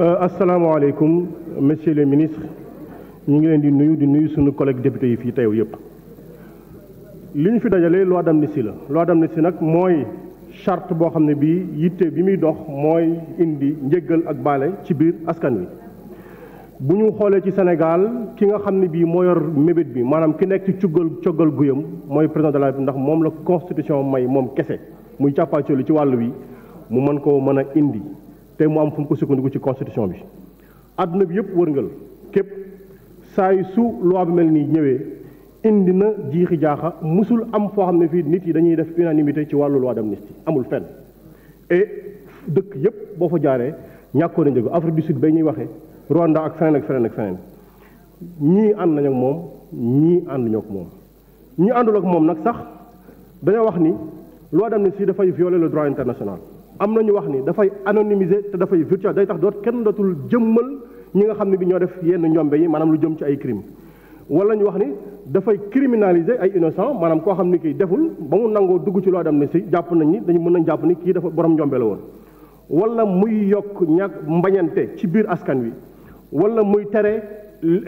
Euh, assalamu alaikum, monsieur le ministre ñu ngi leen di nuyu di nuyu suñu collègue député yi fii teew yëpp li ñu fi dajalee loi d'amnistie la loi d'amnistie nag mooy charte boo xam ne bii yitte bi muy dox mooy indi njëggal ak baale ci biir askan wi bu ñu xoolee ci Sénégal ki nga xam ne bii moo yor mébét bi maanaam ki nekk ci cuggal coggal guyam mooy président de la République ndax moom la constitution may moom kese muy càppaacoli ci wàll wi mu mën koo mën a indi te mu am fu mu ko sukkandiku ci constitution bi àdduna bi yëpp wërngal képp saa su loi bi mel nii ñëwee indi na jiixi jaaxa musul am foo xam ne fii nit yi dañuy def unanimité ci wàllu loi d'amnistie amul fenn et dëkk yëpp boo fa jaaree ñàkkoon a njëgu Afrique du Sud bay ñuy waxee Rwanda ak feneen ak feneen ak feneen ñii ànd nañ ak moom ñii ànd ñoo ak moom ñii àndul ak moom nag sax dañoo wax ni loi d'amnistie dafay violer le droit international am na ñu wax ni dafay anonymiser te dafay virtuel day tax doot kenn dootul jëmmal ñi nga xam ne bi ñoo def yenn njombe yi maanaam lu jëm ci ay crime wala ñu wax ni dafay criminaliser ay innocent maanaam koo xam ni kii deful ba mu nangoo dugg ci loo dem ne si jàpp nañ ni dañu mën nañ jàpp ni kii dafa borom njombe la woon wala muy yokk ñàkk mbañante ci biir askan wi wala muy tere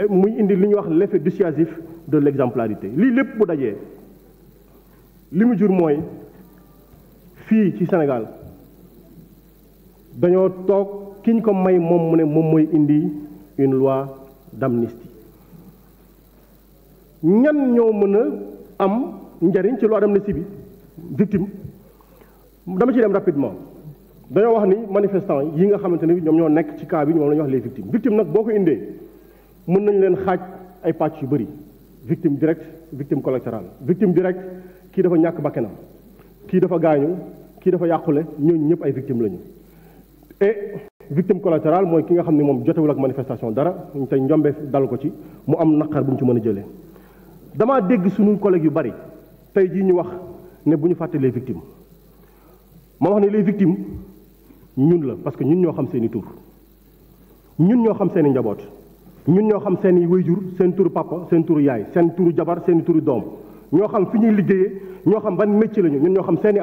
muy indi li ñuy wax l'effet dissuasif de l'exemplarité lii lépp bu dajee li jur mooy fii ci Sénégal dañoo toog kiñ ko may moom mu ne moom mooy indi une loi d'amnistie ñan ñoo mën a am njariñ ci loi d'amnistie bi victime dama ciy dem rapidement dañoo wax ni manifestant yi nga xamante ni ñoom ñoo nekk ci cas bi ñoom la ñuy wax les victimes victime nag boo ko indee mën nañu leen xaaj ay pàcc yu bëri victime directe victime collatérale victime directe kii dafa ñàkk bakkanam kii dafa gaañu kii dafa yàqule ñooñu ñëpp ay victime lañu et victime collatérale mooy ki nga xam ne moom jotewul ak manifestation dara tey njombe dal ko ci mu am naqar bu mu ci mën a jële damaa dégg suñu collègues yu bari tey jii ñu wax ne bu ñu fàtte les victimes ma wax ne les victimes ñun la parce que ñun ñoo xam seen i tur ñun ñoo xam seen i njaboot ñun ñoo xam seen i wayjur seen turu papa seen turu yaay seen turu jabar seen i doom ñoo xam fi ñuy liggéeyee ñoo xam ban métier lañu ñun ñoo xam seeni i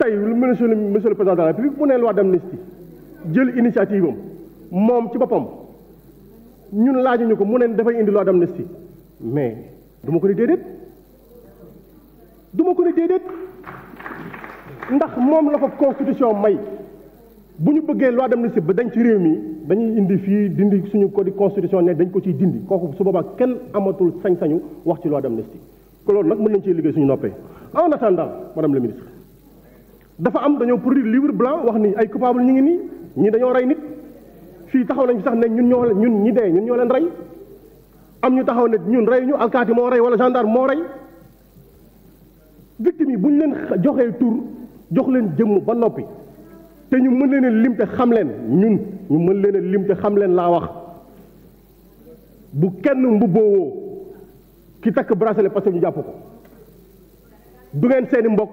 tey monsieur le monsieur le président de la république mu ne loi d'amnistie jël initiative am moom ci boppam ñun laajuñu ko mu ne dafay indi loi d'amnistie mais du ko ne déedéet du ko ne déedéet ndax moom la ko constitution may bu ñu bëggee dem d'amnistie ba dañ ci réew mi dañuy indi fii dindi suñu code constitution ne dañ ko ciy dindi kooku su boobaa kenn amatul sañ-sañu wax ci loi d'amnistie ko loolu nag mën nañ cee liggéey suñu noppee en attendant madame la ministre dafa am dañoo produit livre blanc wax ni ay coupable ñu ngi ni ñi dañoo rey nit fi taxaw nañ sax ne ñun ñoo ñun ñi dee ñun ñoo leen rey am ñu taxaw ne ñun rey ñu alkati moo rey wala gendarme moo rey victime yi buñ leen joxee tur jox leen jëmm ba noppi te ñu mën leen a xam leen ñun ñu mën leen a xam leen laa wax bu kenn mbubboowoo ki takk bracelet parce que ñu jàpp ko du ngeen seeni mbokk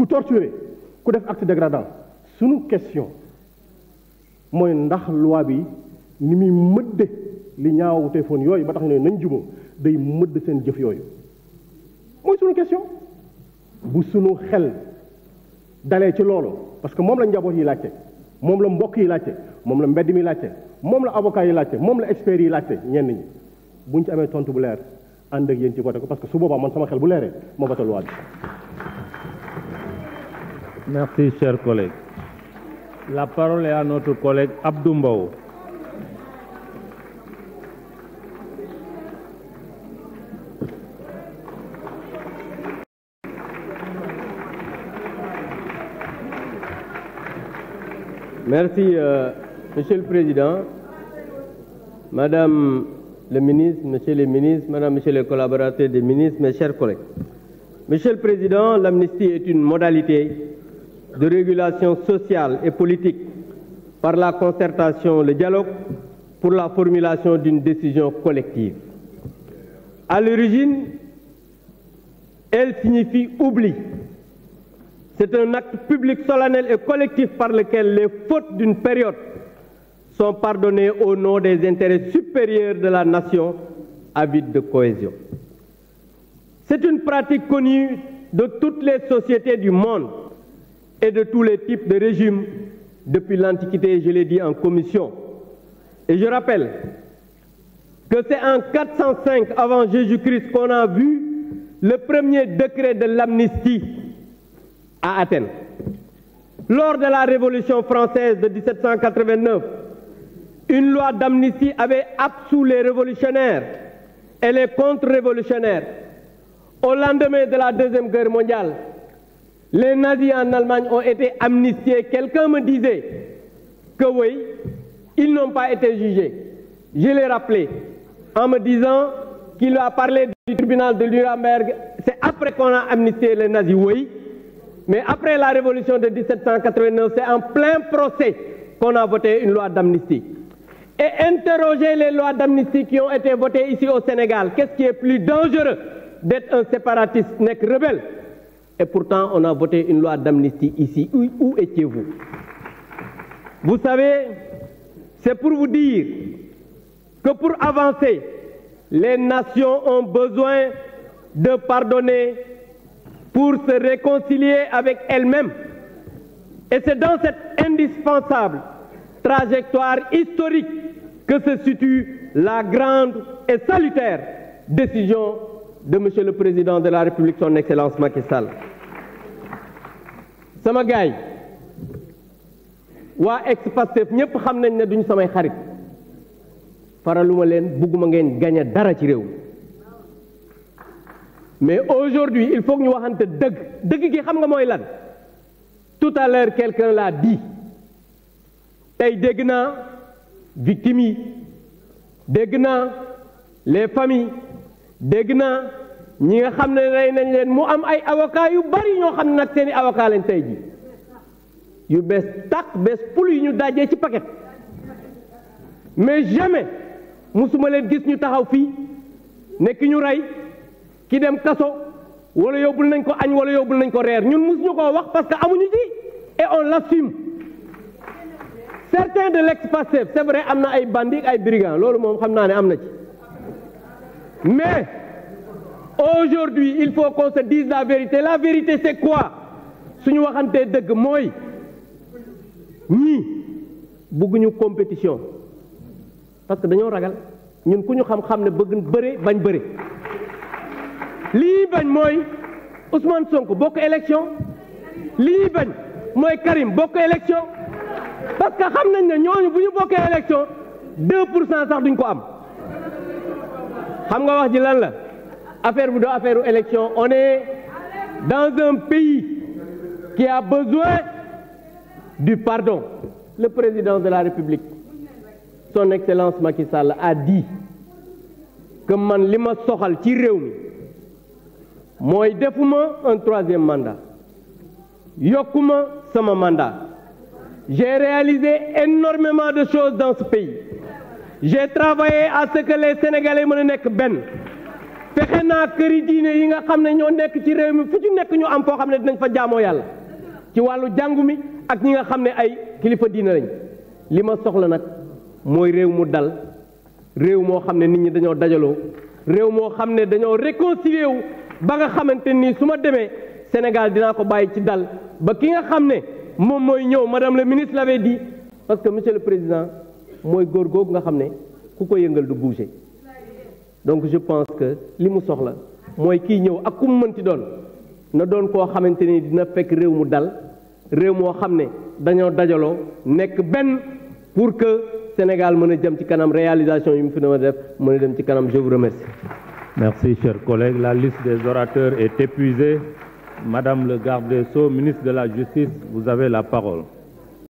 ku torturé ku def acte dégradant suñu question mooy ndax loi bi ni muy mëdde li téléphone yooyu ba tax ne nañ jubóo day mëdd seen jëf yooyu mooy suñu question bu suñu xel dalee ci parce que moom la njaboot yi la mbokk yi laajte la mbedd mi laajte moom la avocat yi laajte la expert yi laajte ñenn ñi buñ ci amee tontu bu leer ànd ak yéen ci parce que su boobaa man sama xel bu ma bata loi bi Merci, chers collègues. La parole est à notre collègue Abdoumbao. Merci, euh, Monsieur le Président, Madame le ministre, Monsieur les ministres, Madame, Monsieur les collaborateurs des ministres, mes chers collègues. Monsieur le Président, l'amnistie est une modalité de régulation sociale et politique par la concertation, le dialogue, pour la formulation d'une décision collective. À l'origine, elle signifie oubli. C'est un acte public solennel et collectif par lequel les fautes d'une période sont pardonnées au nom des intérêts supérieurs de la nation avide de cohésion. C'est une pratique connue de toutes les sociétés du monde et de tous les types de régimes depuis l'Antiquité, je l'ai dit en commission. Et je rappelle que c'est en 405 avant Jésus-Christ qu'on a vu le premier décret de l'amnistie à Athènes. Lors de la Révolution française de 1789, une loi d'amnistie avait absous les révolutionnaires et les contre-révolutionnaires. Au lendemain de la Deuxième Guerre mondiale, les nazis en Allemagne ont été amnistiés. Quelqu'un me disait que oui, ils n'ont pas été jugés. Je l'ai rappelé en me disant qu'il a parlé du tribunal de Nuremberg. C'est après qu'on a amnistié les nazis, oui. Mais après la révolution de 1789, c'est en plein procès qu'on a voté une loi d'amnistie. Et interroger les lois d'amnistie qui ont été votées ici au Sénégal. Qu'est-ce qui est plus dangereux d'être un séparatiste, n'est rebelle et pourtant, on a voté une loi d'amnistie ici. Où, étiez-vous Vous savez, c'est pour vous dire que pour avancer, les nations ont besoin de pardonner pour se réconcilier avec elles-mêmes. Et c'est dans cette indispensable trajectoire historique que se situe la grande et salutaire décision de Monsieur le Président de la République, son Excellence Macky Sall. sama gaay waa ex Pastef ñépp xam nañ ne duñ samay xarit faraluma leen bugguma ngeen gañe dara ci réew mi mais aujourd'hui il faut ñu waxante dëgg dëgg gi xam nga mooy lan tout à l'heure quelqu'un l'a dit tey dégg naa victimes yi dégg naa les familles dégg naa ñi nga xam ne rey nañ leen mu am ay avocat yu bari ñoo xam ne nag seeni avocat lañ tey ji yu bees tàq bees pul yu ñu dajee ci paquet mais jamais mosuma leen gis ñu taxaw fii ne ki ñu rey ki dem kaso wala yóbbul nañ ko añ wala yóbbul nañ ko reer ñun musuñu koo wax parce que amuñu ci et on l'assume certains de l'ex-Pastef c'est vrai am na ay bandits ay brigands loolu moom xam naa ne am na ci mais aujourd'hui il faut qu'on se dise la vérité la vérité c'est quoi suñu waxantee moy mooy ñii bëgguñu compétition parce que dañoo ragal ñun ku ñu xam-xam ne bëgg bëre bañ bëre lii bañ mooy Ousmane Sonko bokk élection lii bañ Karim bokk élection parce que xam nañ ne nous bu ñu élection deux pour cent sax duñ ko am xam nga wax ji lan la affaire ou affaire élection on est dans un pays qui a besoin du pardon le président de la République son excellence Macky a dit que man lima soxal ci rewmi un troisième mandat mandat j'ai réalisé énormément de choses dans ce pays j'ai travaillé à ce que les Sénégalais m'ont ben fexe naa kër yi diine yi nga xam ne ñoo nekk ci réew mi fu ci nekk ñu am foo xam ne dinañ fa jaamoo yàlla ci wàllu jàngu mi ak ñi nga xam ne ay kilifa diine lañ li ma soxla nag mooy réew mu dal réew moo xam ne nit ñi dañoo dajaloo réew moo xam ne dañoo réconcilier wu ba nga xamante nii su ma demee Sénégal dinaa ko bàyyi ci dal ba ki nga xam ne moom mooy ñëw madame le ministre l'avait di parce que monsieur le président mooy góor googu nga xam ne ku ko yëngal du bouger donc je pense que soxla n'y ak doon na pour que Sénégal réalisation je vous remercie. Merci, chers collègues. La liste des orateurs est épuisée. Madame le garde des Sceaux, ministre de la Justice, vous avez la parole.